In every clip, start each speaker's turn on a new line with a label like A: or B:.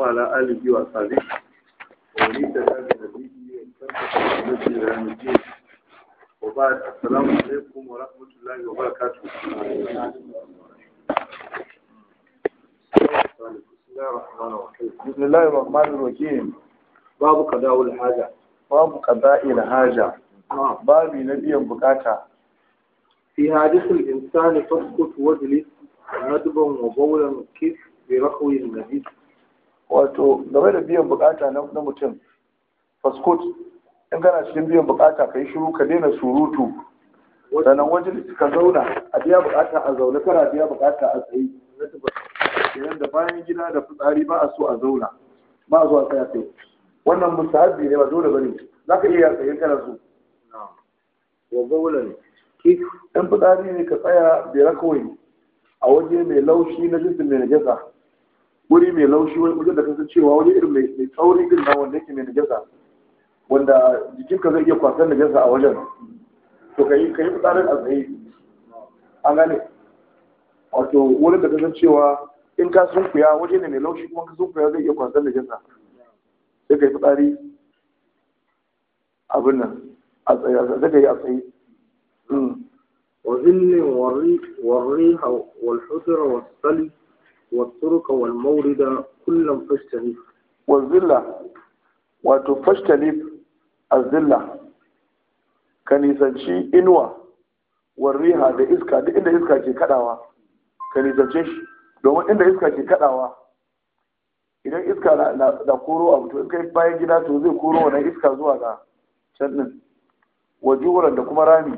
A: وعلى آله وصحبه وليس هذا نبيه وبعد السلام عليكم ورحمة الله وبركاته بسم الله الرحمن الرحيم باب قضاء الحاجة باب قضاء الحاجة آه. باب نبي بكاتا في حادث الإنسان تسقط وجلس ندبا وبولا كيف برخو النبي wato game da biyan bukata na mutum faskot in gana cikin biyan bukata ka yi shiru ka daina surutu sannan wajen ka zauna a biya bukata a zaune kana biya bukata a tsaye kenan da bayan gida da fitsari ba a so a zauna ba a zuwa tsaya tsaye wannan mustahabi ne ba dole bane za ka iya tsaye kana so wa zaulan ne in fitsari ne ka tsaya bai rakawai a waje mai laushi na jinsin mai najasa wuri mai laushi wani wajen da kasan cewa wani irin mai tsauri din na wanda yake mai najasa wanda jikinka zai iya kwasar najasa a wajen to ka yi fitsarin a tsaye an gane wato wani da kasan cewa in ka sunkuya waje ne mai laushi kuma ka sunkuya zai iya kwasar najasa sai ka yi fitsari abin nan a tsaye zai ka a tsaye وظل والريح والحسر والصلي الطرق والمورد كلا فاجتنب والذلة وتفاجتنب الذلة كان يسنشي إنوى والريحة ده إسكا ده إنه إسكا جي كدعوى كان يسنشي domin inda iska ke kadawa idan iska na koro abu to iska bayan gida to zai koro wannan iska zuwa ga can din wajuran da kuma rami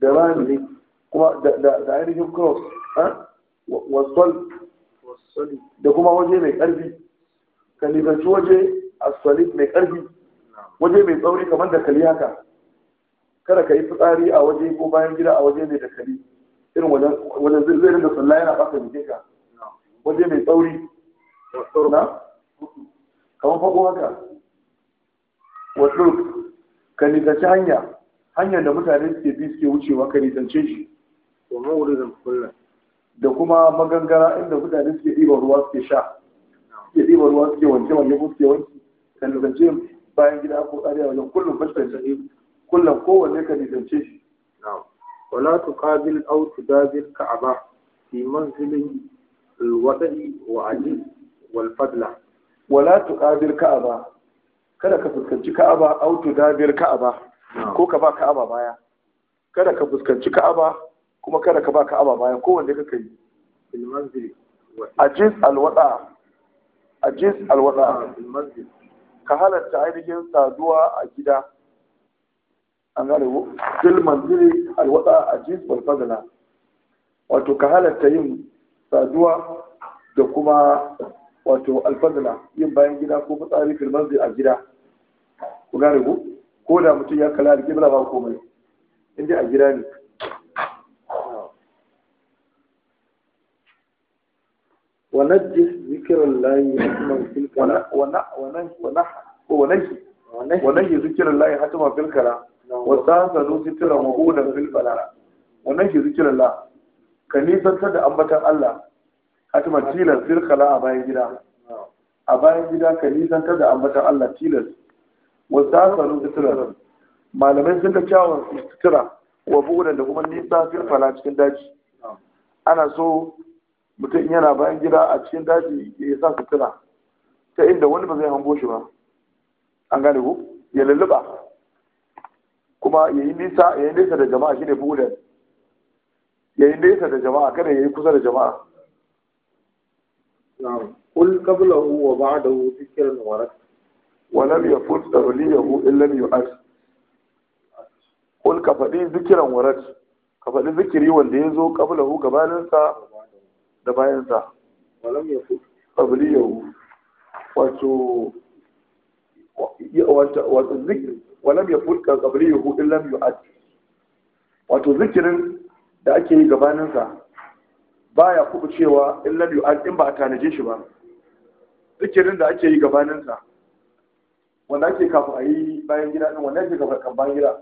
A: da rami kuma da ainihin cross wasol da kuma waje mai ƙarfi ka nisanci waje solid mai ƙarfi waje mai tsauri kamar da kali haka kada ka yi fitsari a waje ko bayan gida a waje mai da kali irin wajen zai rinda tsalla yana baka ka waje mai tsauri na kamar fago haka wato ka nisanci hanya hanyar da mutane suke bi suke wucewa ka nisance shi wa zan kullum da kuma magangara inda mutane suke ɗiba ruwa suke sha suke ɗiba ruwa suke wanke wanke ko suke wanke ka nisance bayan gida ko tsari a wajen kullum fashfashe kullum kowanne ka nisance shi wala tuqabil aw tudabil ka'aba fi manzilin alwadi wa ajil wal fadla wala tuqabil ka'aba kada ka fuskanci ka'aba aw tudabil ka'aba ko ka ba ka'aba baya kada ka fuskanci ka'aba kuma kada ka ba aba bayan kowanne ka yi ajiz alwada ajiz alwada ah, ka halatta ainihin saduwa a gida an gane ko fil manzili alwada ajiz wal wato ka halatta yin saduwa da kuma wato alfadla yin bayan gida ko fitsari filman manzil a gida ku gane ko ko da mutum ya kala alƙibla ba komai inda a gida ne ونجس ذكر الله حتما في الكلام ونجي ونجي ذكر الله حتما في الكلام وساسلوا سترا مهودا في البلاء ونجي ذكر الله كنيسة تدى أمبتا الله حتما تيلا في الكلام أباين جدا أباين جدا كنيسة تدى أمبتا الله تيلا وساسلوا سترا malamai ما لم يزل sutura wa buɗe da kuma في fil fala cikin daji ana mutum yana bayan gida a cikin daji ya yi sa sutura ta inda wani ba zai hango shi ba an gane ko ya lulluɓa kuma ya yi nisa ya yi nisa da jama'a shi ne buɗin ya yi nisa da jama'a kada ya yi kusa da jama'a kul kabla hu wa ba'da hu fikir na warat wa lam yafut tawliyahu illa li yu'ad kul ka faɗi zikiran warat ka zikiri wanda ya zo kabla gabanin sa da bayansa walam ya fi ƙabili yau wato wato walam ya fi ƙabili yau illam yu'ad wato zikirin da ake yi gabaninsa ba ya kuɓu cewa illam yu'ad in ba a tanaje shi ba zikirin da ake yi gabaninsa wanda ake kafin a yi bayan gida ɗin wanda ake kan bayan gida